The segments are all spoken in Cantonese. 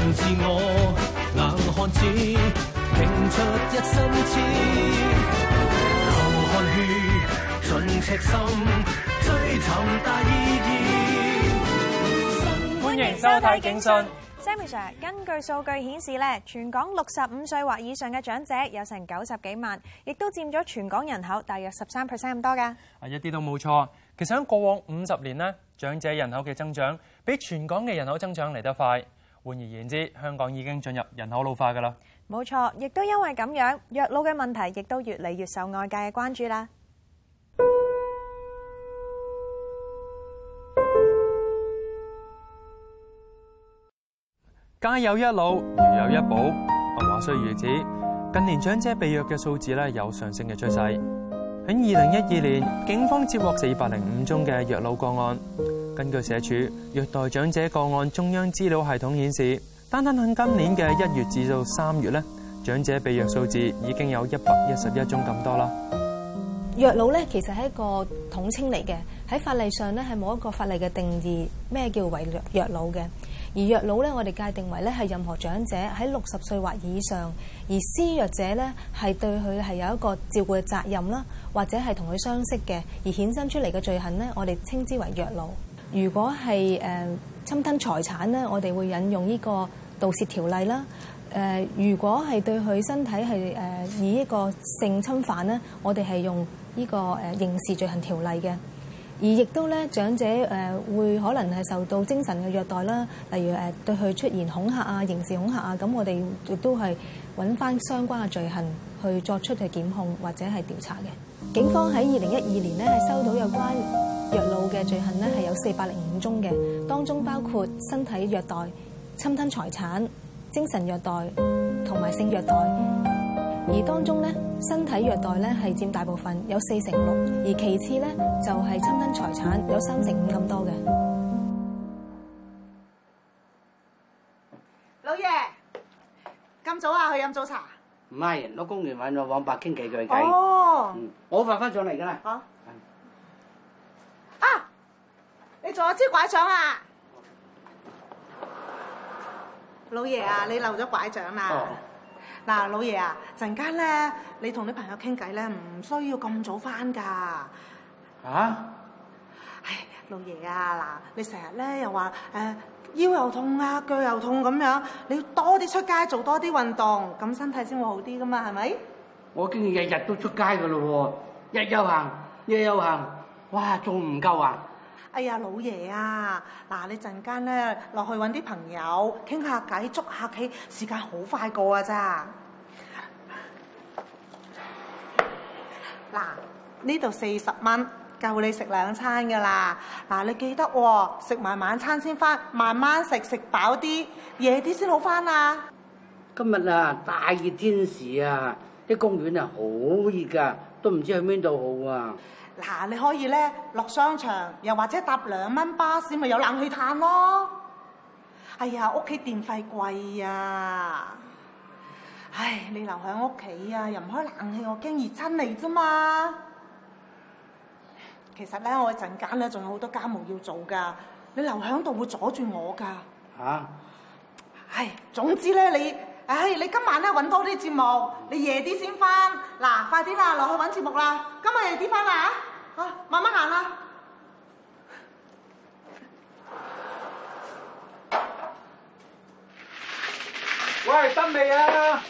拼出一生流汗血，盡赤心，追尋大意義。歡迎收睇《警訊》。Sammy sir，根據數據顯示咧，全港六十五歲或以上嘅長者有成九十幾萬，亦都佔咗全港人口大約十三 percent 咁多㗎。啊，一啲都冇錯。其實喺過往五十年咧，長者人口嘅增長比全港嘅人口增長嚟得快。換而言之，香港已經進入人口老化噶啦。冇錯，亦都因為咁樣，虐老嘅問題亦都越嚟越受外界嘅關注啦。家有一老，如有一寶。話雖如此，近年長者被虐嘅數字咧有上升嘅趨勢。喺二零一二年，警方接獲四百零五宗嘅虐老個案。根據社署虐待長者個案中央資料系統顯示，單單喺今年嘅一月至到三月咧，長者被虐數字已經有一百一十一宗咁多啦。虐老咧，其實係一個統稱嚟嘅，喺法例上咧係冇一個法例嘅定義咩叫為虐虐老嘅。而虐老咧，我哋界定為咧係任何長者喺六十歲或以上，而施虐者咧係對佢係有一個照顧嘅責任啦，或者係同佢相識嘅，而衍生出嚟嘅罪行咧，我哋稱之為虐老。如果係誒侵吞財產咧，我哋會引用呢個盜竊條例啦。誒，如果係對佢身體係誒以一個性侵犯咧，我哋係用呢個誒刑事罪行條例嘅。而亦都咧，長者誒會可能係受到精神嘅虐待啦，例如誒對佢出現恐嚇啊、刑事恐嚇啊，咁我哋亦都係揾返相關嘅罪行去作出嘅檢控或者係調查嘅。警方喺二零一二年咧係收到有關虐老嘅罪行咧，係有四百零五宗嘅，當中包括身體虐待、侵吞財產、精神虐待同埋性虐待。而當中咧，身體虐待咧係佔大部分，有四成六；而其次咧就係侵吞財產，有三成五咁多嘅。老爺，咁早啊，去飲早茶？唔係，落公園搵個網伯傾幾句偈。哦，我發翻上嚟噶啦。做咗支拐杖啊，老爺啊，你漏咗拐杖啦。嗱、oh.，你你 ah? 老爺啊，陣間咧，你同啲朋友傾偈咧，唔需要咁早返噶。啊？唉，老爺啊，嗱，你成日咧又話誒腰又痛啊，腳又痛咁樣，你要多啲出街做多啲運動，咁身體先會好啲噶嘛，係咪？我經已日日都出街噶咯，日又行，日又行，哇，仲唔夠啊？哎呀，老爺啊，嗱，你陣間咧落去搵啲朋友傾下偈，捉下棋，時間好快過啊！咋嗱？呢度四十蚊夠你食兩餐噶啦。嗱，你記得喎，食埋晚餐先返，慢慢食，食飽啲，夜啲先好返啊！今日啊，大熱天時啊，啲公園啊好熱噶，都唔知去邊度好啊！嗱，你可以咧落商場，又或者搭兩蚊巴士咪有冷氣嘆咯。哎呀，屋企電費貴啊！唉，你留喺屋企啊，又唔開冷氣，我驚熱親你啫嘛。其實咧，我一陣間咧仲有好多家務要做噶，你留喺度會阻住我噶。嚇！唉，總之咧你，唉，你今晚咧揾多啲節目，你夜啲先翻。嗱，快啲啦，落去揾節目啦，今日夜啲翻啦。好，慢慢行啦！喂，得未啊？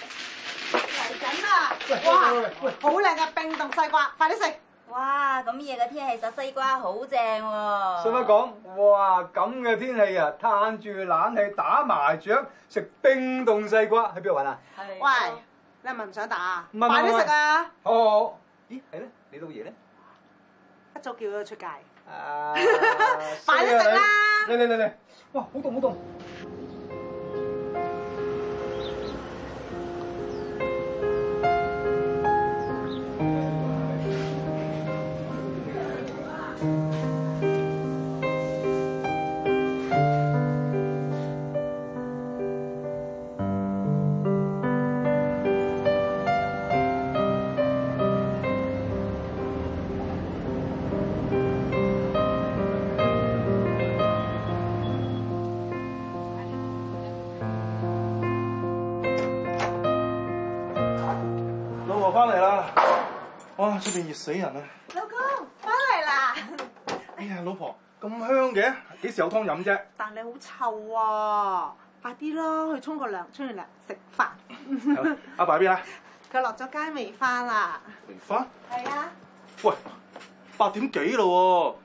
嚟緊啦！哇，好靚嘅冰凍西瓜，快啲食！哇，咁夜嘅天氣食西瓜好正喎！使乜講，哇咁嘅天氣啊，嘆住冷氣打麻雀，食冰凍西瓜，喺邊度玩啊？喂，你係咪唔想打啊？唔係，快啲食啊！好好，咦係咧？你老爺咧？就叫佢出街，啊，快啲食啦！嚟嚟嚟嚟，哇！好凍好凍。出邊熱死人啊！老公翻嚟啦！哎呀，老婆咁香嘅，幾時有湯飲啫？但你好臭啊！快啲咯，去沖個涼，沖完涼食飯。阿爸，爸，喺邊啊？佢落咗街未翻啊？未翻？係啊。喂，八點幾咯？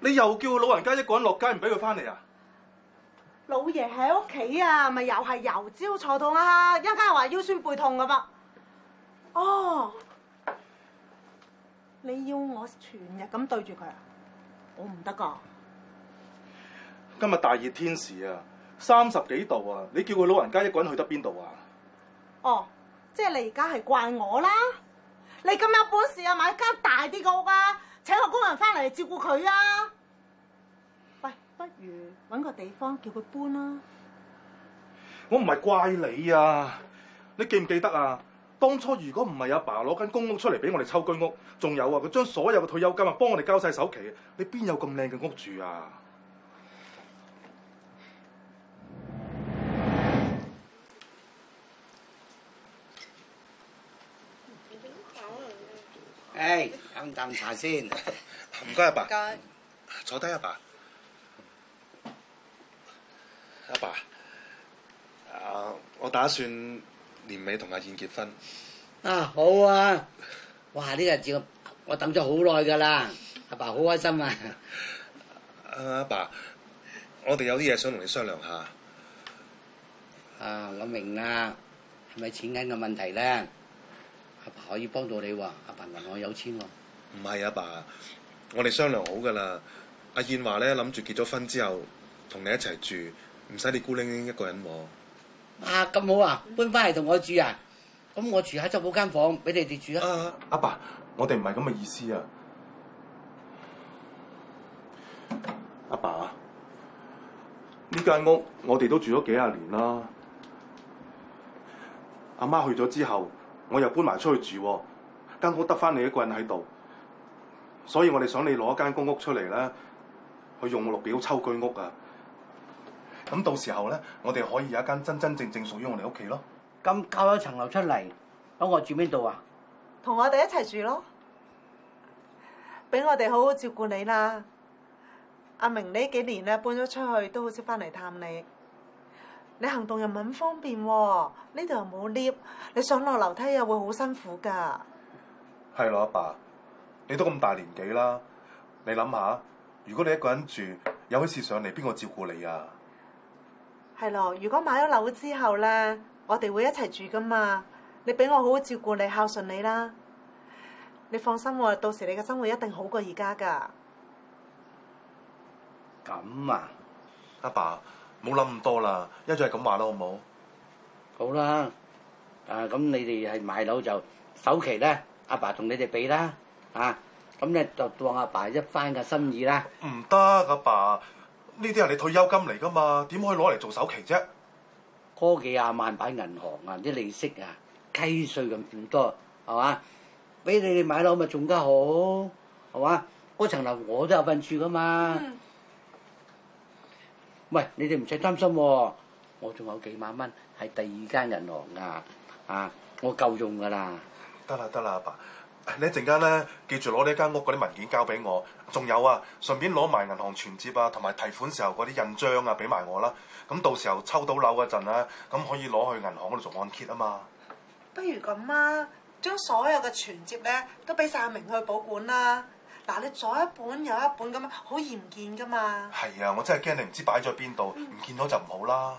你又叫老人家一個人落街，唔俾佢翻嚟啊？老爺喺屋企啊，咪又係油痠坐痛啊，一家話腰酸背痛㗎噃！哦。你要我全日咁對住佢啊？我唔得噶。今日大熱天時啊，三十幾度啊，你叫佢老人家一個人去得邊度啊？哦，即係你而家係怪我啦！你咁有本事啊，買間大啲個屋啊，請個工人翻嚟照顧佢啊！喂，不如揾個地方叫佢搬啦。我唔係怪你啊，你記唔記得啊？當初如果唔係阿爸攞間公屋出嚟俾我哋抽居屋，仲有啊，佢將所有嘅退休金啊，幫我哋交晒首期，你邊有咁靚嘅屋住啊？誒、hey，飲啖茶先，唔該阿爸，坐低阿爸，阿爸，爸，啊，我打算。年尾同阿燕結婚啊！好啊！哇！呢、這個、日子我等咗好耐噶啦，阿爸好開心啊！阿、啊、爸，爸，我哋有啲嘢想同你商量下。啊，我明啦，係咪錢銀嘅問題咧？阿爸，爸可以幫到你喎，阿爸銀行我有錢喎、啊。唔係阿爸，我哋商量好噶啦。阿燕話咧，諗住結咗婚之後同你一齊住，唔使你孤零零一個人喎。啊，咁好啊，搬翻嚟同我住啊！咁我住喺就好間房俾你哋住啊！阿爸，我哋唔係咁嘅意思啊！阿爸，呢間屋我哋都住咗幾廿年啦。阿媽去咗之後，我又搬埋出去住，間屋得翻你一個人喺度，所以我哋想你攞間公屋出嚟呢，去用綠表抽居屋啊！咁到時候咧，我哋可以有一間真真正正屬於我哋屋企咯。咁交咗層樓出嚟，咁我住邊度啊？同我哋一齊住咯，俾我哋好好照顧你啦。阿明呢幾年咧搬咗出去，都好少翻嚟探你。你行動又唔係咁方便，呢度又冇 lift，你上落樓梯又會好辛苦㗎。係咯，阿爸，你都咁大年紀啦，你諗下，如果你一個人住，有起事上嚟，邊個照顧你啊？係咯，如果買咗樓之後咧，我哋會一齊住噶嘛。你俾我好好照顧你、孝順你啦。你放心喎，到時你嘅生活一定好過而家噶。咁啊，阿爸冇諗咁多啦，一再係咁話啦，好唔好？好啦，啊咁你哋係買樓就首期咧，阿爸同你哋俾啦，啊咁咧就當阿爸一番嘅心意啦。唔得，阿爸。呢啲係你退休金嚟噶嘛？點可以攞嚟做首期啫？嗰幾廿萬擺銀行啊！啲利息啊，契稅咁咁多，係嘛？俾你哋買樓咪仲加好，係嘛？嗰層樓我都有份住噶嘛。嗯。喂，你哋唔使擔心，啊，我仲有幾萬蚊喺第二間銀行㗎。啊，我夠用㗎啦。得啦得啦，阿爸，爸。你一陣間咧，記住攞呢間屋嗰啲文件交俾我。仲有啊，順便攞埋銀行存摺啊，同埋提款時候嗰啲印章啊，俾埋我啦。咁到時候抽到樓嗰陣啊，咁可以攞去銀行嗰度做按揭啊嘛。不如咁啊，將所有嘅存摺咧都俾晒阿明去保管啦。嗱，你左一本右一本咁樣，好易唔見噶嘛。係啊，我真係驚你唔知擺咗邊度，唔、嗯、見到就唔好啦。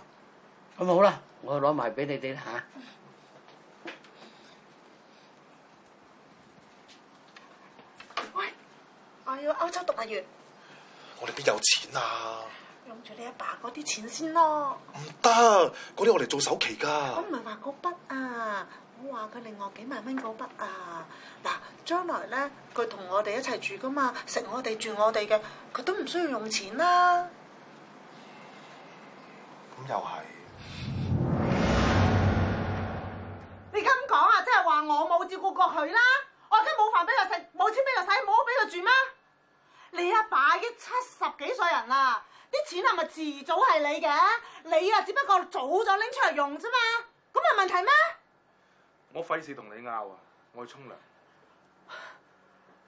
咁好啦，我攞埋俾你哋啦吓。要歐洲讀大學，我哋邊有錢啊？用住你阿爸嗰啲錢先咯。唔得，嗰啲我哋做首期㗎。我唔係話嗰筆啊，我話佢另外幾萬蚊嗰筆啊。嗱，將來咧，佢同我哋一齊住㗎嘛，食我哋住我哋嘅，佢都唔需要用錢啦。咁又係。你而家咁講啊，即係話我冇照顧過佢啦，我而家冇飯俾佢食，冇錢俾佢使，冇屋俾佢住咩？你阿爸已經七十幾歲人啦，啲錢係咪遲早係你嘅？你啊，只不過早咗拎出嚟用啫嘛，咁咪問題咩？我費事同你拗啊！我去沖涼。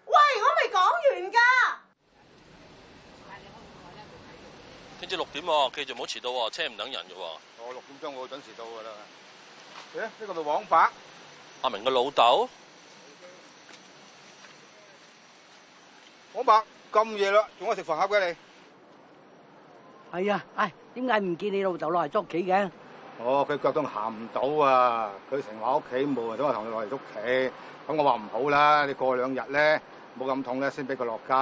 喂，我未講完噶。聽朝六點喎，記住唔好遲到喎，車唔等人嘅喎、哦。我六點鐘我會準時到噶啦。咩、哎？呢、這個係王伯，阿明嘅老豆。王伯。咁夜咯，仲喺食飯盒嘅你係啊！唉，點解唔見你老豆落嚟捉棋嘅？哦，佢腳都行唔到啊！佢成日喺屋企，冇人想話同你落嚟捉棋咁，我話唔好啦。你過兩日咧，冇咁痛咧，先俾佢落街。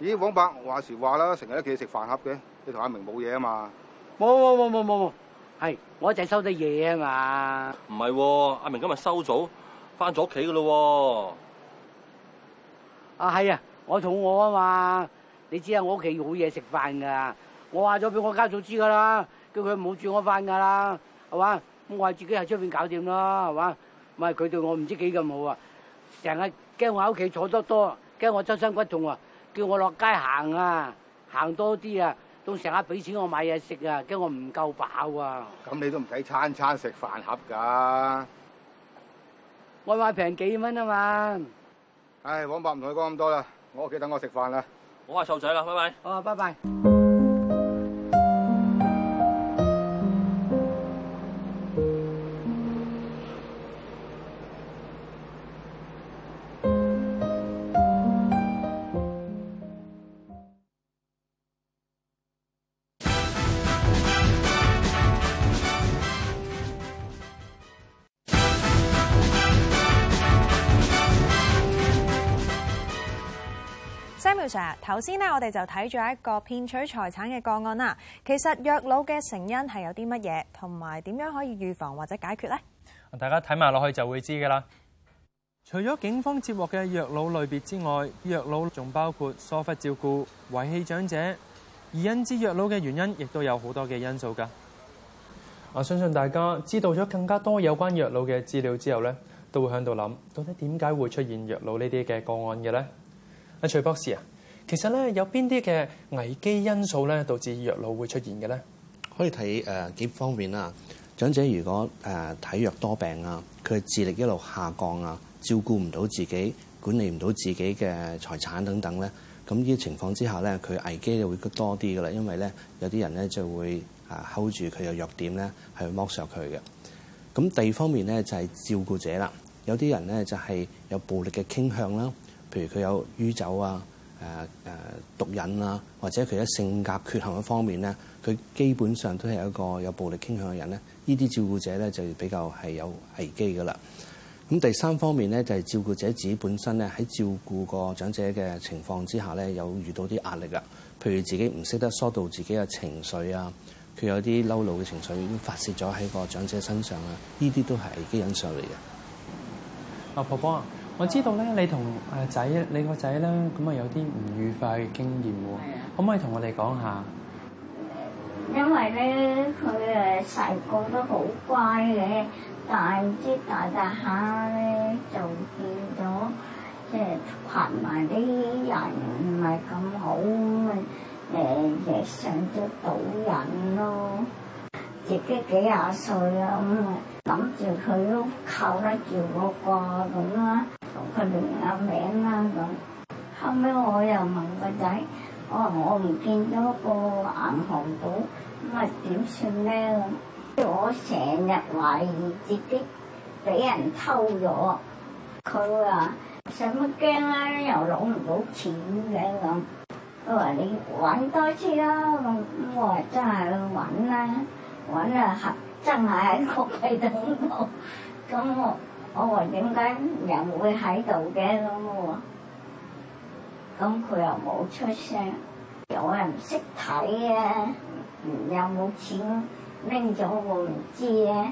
咦，黃伯話時話啦，成日喺屋企食飯盒嘅，你同阿明冇嘢啊嘛？冇冇冇冇冇冇，係我淨係收得嘢啊嘛？唔係阿明今日收早，翻咗屋企噶咯。啊，係啊。我肚餓啊嘛！你知啊，我屋企好嘢食飯噶。我話咗俾我家嫂知噶啦，叫佢唔好煮我飯噶啦，係嘛？我係自己喺出邊搞掂啦，係嘛？唔係佢對我唔知幾咁好啊！成日驚我喺屋企坐得多，驚我周身骨痛啊！叫我落街行啊，行多啲啊，都成日俾錢我買嘢食啊，驚我唔夠飽啊！咁你都唔使餐餐食飯盒噶，外賣平幾蚊啊嘛？唉，王伯唔同佢講咁多啦。我屋企等我食飯啦，我話臭仔啦，拜拜。好啊，拜拜。頭先咧，我哋就睇咗一個騙取財產嘅個案啦。其實虐老嘅成因係有啲乜嘢，同埋點樣可以預防或者解決呢？大家睇埋落去就會知噶啦。除咗警方接獲嘅虐老類別之外，虐老仲包括疏忽照顧、遺棄長者。而引致虐老嘅原因亦都有好多嘅因素噶。我相信大家知道咗更加多有關虐老嘅資料之後咧，都會響度諗到底點解會出現虐老呢啲嘅個案嘅咧。阿徐博士啊。其實咧，有邊啲嘅危機因素咧，導致虐老會出現嘅咧？可以睇誒幾方面啦。長者如果誒體弱多病啊，佢嘅智力一路下降啊，照顧唔到自己，管理唔到自己嘅財產等等咧，咁呢啲情況之下咧，佢危機就會多啲噶啦。因為咧有啲人咧就會啊 hold 住佢嘅弱點咧，係剝削佢嘅。咁第二方面咧就係照顧者啦，有啲人咧就係有暴力嘅傾向啦，譬如佢有酗酒啊。誒誒毒癮啦，或者佢喺性格缺陷嘅方面咧，佢基本上都係一個有暴力傾向嘅人咧。呢啲照顧者咧就比較係有危機噶啦。咁第三方面咧就係照顧者自己本身咧，喺照顧個長者嘅情況之下咧，有遇到啲壓力啊，譬如自己唔識得疏導自己嘅情緒啊，佢有啲嬲怒嘅情緒已經發泄咗喺個長者身上啦，呢啲都係危機因素嚟嘅。阿婆婆。我知道咧，你同阿仔，你個仔咧，咁啊有啲唔愉快嘅經驗喎。可唔可以同我哋講下？因為咧，佢誒細個都好乖嘅，但係唔知大隻下咧就變咗，即係群埋啲人唔係咁好咁啊，誒誒上咗賭癮咯。自己幾廿歲啦，咁啊諗住佢都靠得住嗰個咁啊～我哋阿妹啦咁，後屘我又問個仔，我話我唔見咗個銀行簿，乜點算咧？我成日懷疑自己俾人偷咗，佢話使乜驚啊？又攞唔到錢嘅咁，佢話你揾多次啦，我真係去揾啦，我真係真係喺屋企等我，咁我。我話點解人會喺度嘅咯？咁佢又冇出聲，啊，又唔識睇嘅，又冇錢拎咗，我唔知嘅，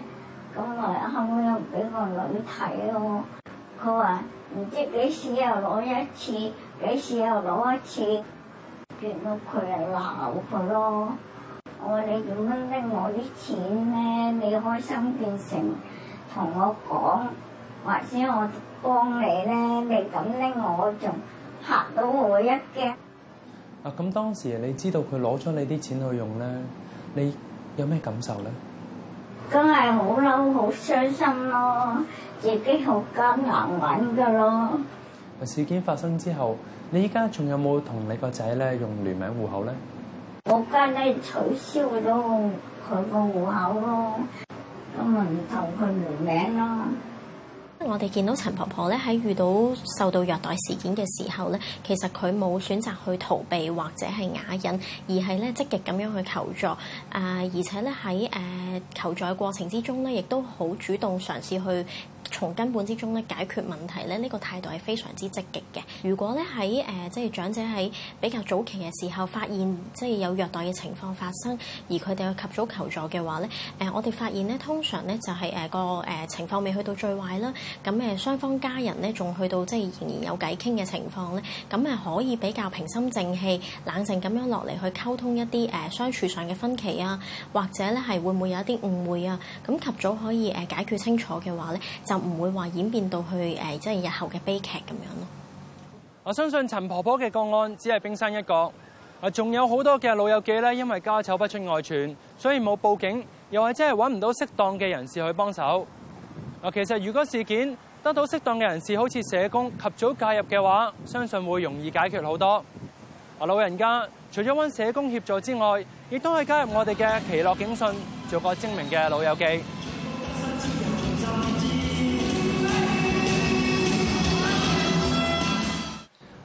咁咪後屘又俾個女睇咯。佢話唔知幾時又攞一次，幾時又攞一次，見到佢又鬧佢咯。我話你點樣拎我啲錢咧？你開心變成同我講。或者我幫你咧，你咁拎我仲嚇到我一驚。啊！咁當時你知道佢攞咗你啲錢去用咧，你有咩感受咧？梗係好嬲，好傷心咯，自己好艱難揾噶咯。事件發生之後，你依家仲有冇同你個仔咧用聯名戶口咧？我家已取消咗佢個戶口咯，咁咪唔同佢聯名咯。我哋見到陳婆婆咧喺遇到受到虐待事件嘅時候咧，其實佢冇選擇去逃避或者係啞忍，而係咧積極咁樣去求助。啊、呃，而且咧喺誒求助嘅過程之中咧，亦都好主動嘗試去從根本之中咧解決問題咧，呢、這個態度係非常之積極嘅。如果咧喺誒即係長者喺比較早期嘅時候發現即係、就是、有虐待嘅情況發生，而佢哋有及早求助嘅話咧，誒、呃、我哋發現咧通常咧就係誒個誒情況未去到最壞啦。咁誒雙方家人咧仲去到即係仍然，然有偈傾嘅情況咧，咁誒、呃、可以比較平心靜氣、冷靜咁樣落嚟去溝通一啲誒、呃、相處上嘅分歧啊，或者咧係會唔會有一啲誤會啊？咁及早可以誒、呃、解決清楚嘅話咧，就。唔會話演變到去即係日後嘅悲劇咁樣咯。我相信陳婆婆嘅個案只係冰山一角，啊，仲有好多嘅老友記呢，因為家醜不出外傳，所以冇報警，又或者係揾唔到適當嘅人士去幫手。其實如果事件得到適當嘅人士，好似社工及早介入嘅話，相信會容易解決好多。啊，老人家除咗揾社工協助之外，亦都係加入我哋嘅奇樂警訊，做個精明嘅老友記。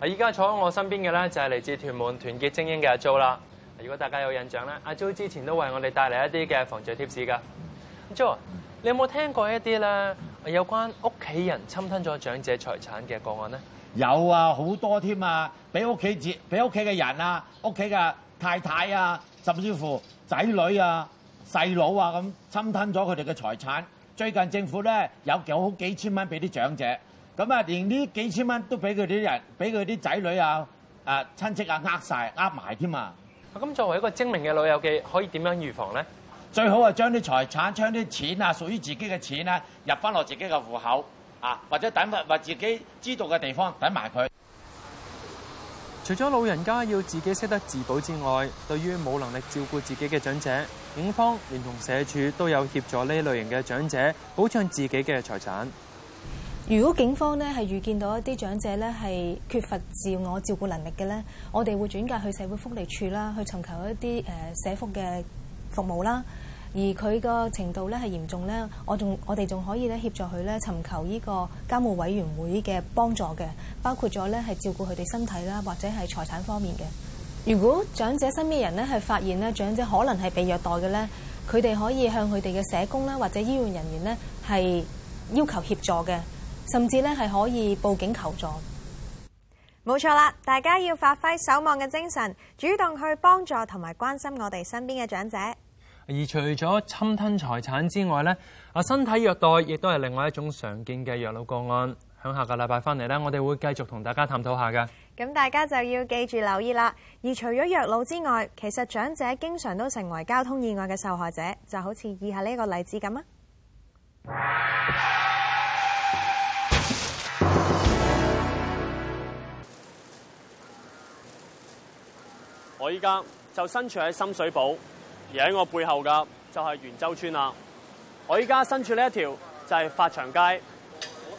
依家坐喺我身邊嘅咧，就係嚟自屯門團結精英嘅阿 Jo 啦。如果大家有印象咧，阿 Jo 之前都為我哋帶嚟一啲嘅防罪貼士噶。Jo，你有冇聽過一啲咧，有關屋企人侵吞咗長者財產嘅個案咧？有啊，好多添啊，俾屋企子、俾屋企嘅人啊，屋企嘅太太啊，甚至乎仔女啊、細佬啊咁侵吞咗佢哋嘅財產。最近政府咧有有好幾千蚊俾啲長者。咁啊，連呢幾千蚊都俾佢啲人，俾佢啲仔女啊、啊親戚啊呃晒呃埋添啊。咁作為一個精明嘅老友記，可以點樣預防咧？最好啊，將啲財產、將啲錢啊，屬於自己嘅錢啊，入翻落自己嘅戶口啊，或者等埋自己知道嘅地方，等埋佢。除咗老人家要自己識得自保之外，對於冇能力照顧自己嘅長者，警方連同社署都有協助呢類型嘅長者保障自己嘅財產。如果警方咧係遇見到一啲長者咧係缺乏自我照顧能力嘅咧，我哋會轉介去社會福利處啦，去尋求一啲誒社福嘅服務啦。而佢個程度咧係嚴重咧，我仲我哋仲可以咧協助佢咧尋求呢個監護委員會嘅幫助嘅，包括咗咧係照顧佢哋身體啦，或者係財產方面嘅。如果長者身邊人咧係發現咧長者可能係被虐待嘅咧，佢哋可以向佢哋嘅社工啦，或者醫護人員咧係要求協助嘅。甚至咧係可以報警求助，冇錯啦！大家要發揮守望嘅精神，主動去幫助同埋關心我哋身邊嘅長者。而除咗侵吞財產之外咧，啊身體虐待亦都係另外一種常見嘅虐老個案。響下個禮拜翻嚟咧，我哋會繼續同大家探討下噶。咁大家就要記住留意啦。而除咗虐老之外，其實長者經常都成為交通意外嘅受害者，就好似以下呢一個例子咁啊。 我依家就身處喺深水埗，而喺我背後㗎就係元州村啦。我依家身處呢一條就係發祥街，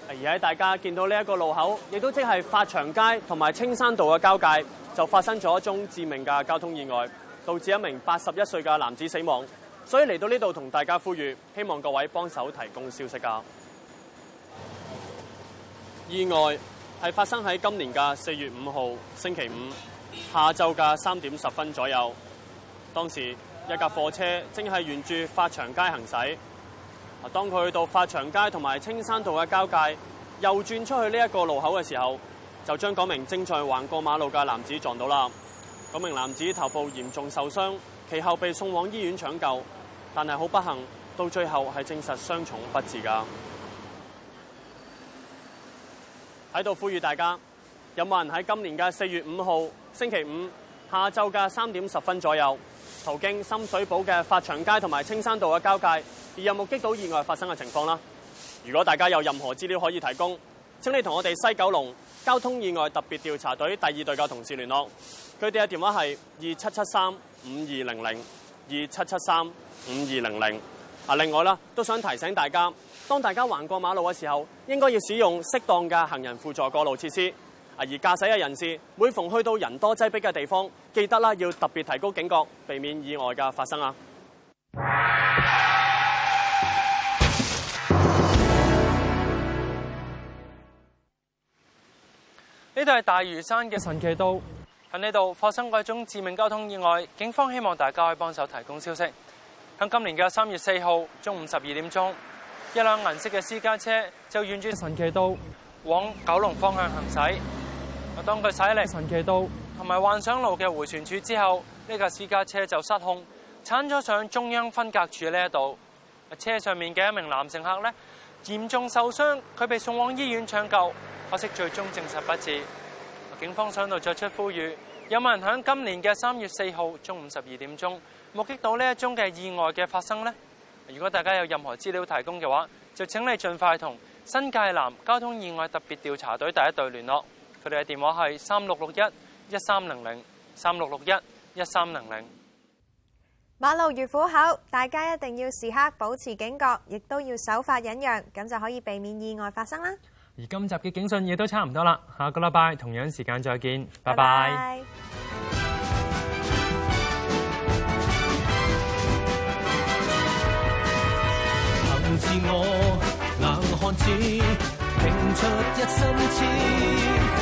而喺大家見到呢一個路口，亦都即係發祥街同埋青山道嘅交界，就發生咗一宗致命嘅交通意外，導致一名八十一歲嘅男子死亡。所以嚟到呢度同大家呼籲，希望各位幫手提供消息㗎。意外係發生喺今年嘅四月五號星期五。下晝嘅三點十分左右，當時一架貨車正係沿住發祥街行駛，當佢去到發祥街同埋青山道嘅交界，右轉出去呢一個路口嘅時候，就將嗰名正在橫過馬路嘅男子撞到啦。嗰名男子頭部嚴重受傷，其後被送往醫院搶救，但係好不幸，到最後係證實傷重不治噶。喺度呼籲大家。有冇人喺今年嘅四月五號星期五下晝嘅三點十分左右，途經深水埗嘅發祥街同埋青山道嘅交界，而有冇目擊到意外發生嘅情況啦？如果大家有任何資料可以提供，請你同我哋西九龍交通意外特別調查隊第二隊嘅同事聯絡，佢哋嘅電話係二七七三五二零零二七七三五二零零。啊，另外啦，都想提醒大家，當大家橫過馬路嘅時候，應該要使用適當嘅行人輔助過路設施。啊！而駕駛嘅人士，每逢去到人多擠逼嘅地方，記得啦，要特別提高警覺，避免意外嘅發生啊！呢度係大嶼山嘅神奇道，喺呢度發生過一宗致命交通意外，警方希望大家可以幫手提供消息。喺今年嘅三月四號中午十二點鐘，一輛銀色嘅私家車就繞轉神奇道往九龍方向行駛。當佢駛嚟神奇道同埋幻想路嘅回旋處之後，呢架私家車就失控，鏟咗上中央分隔處呢一度。車上面嘅一名男乘客呢，嚴重受傷，佢被送往醫院搶救，可惜最終證實不治。警方上度作出呼籲，有冇人響今年嘅三月四號中午十二點鐘目擊到呢一宗嘅意外嘅發生呢？如果大家有任何資料提供嘅話，就請你盡快同新界南交通意外特別調查隊第一隊聯絡。佢哋嘅電話係三六六一一三零零三六六一一三零零。馬路如虎口，大家一定要時刻保持警覺，亦都要守法忍讓，咁就可以避免意外發生啦。而今集嘅警訊亦都差唔多啦，下個禮拜同樣時間再見，拜拜。拜拜。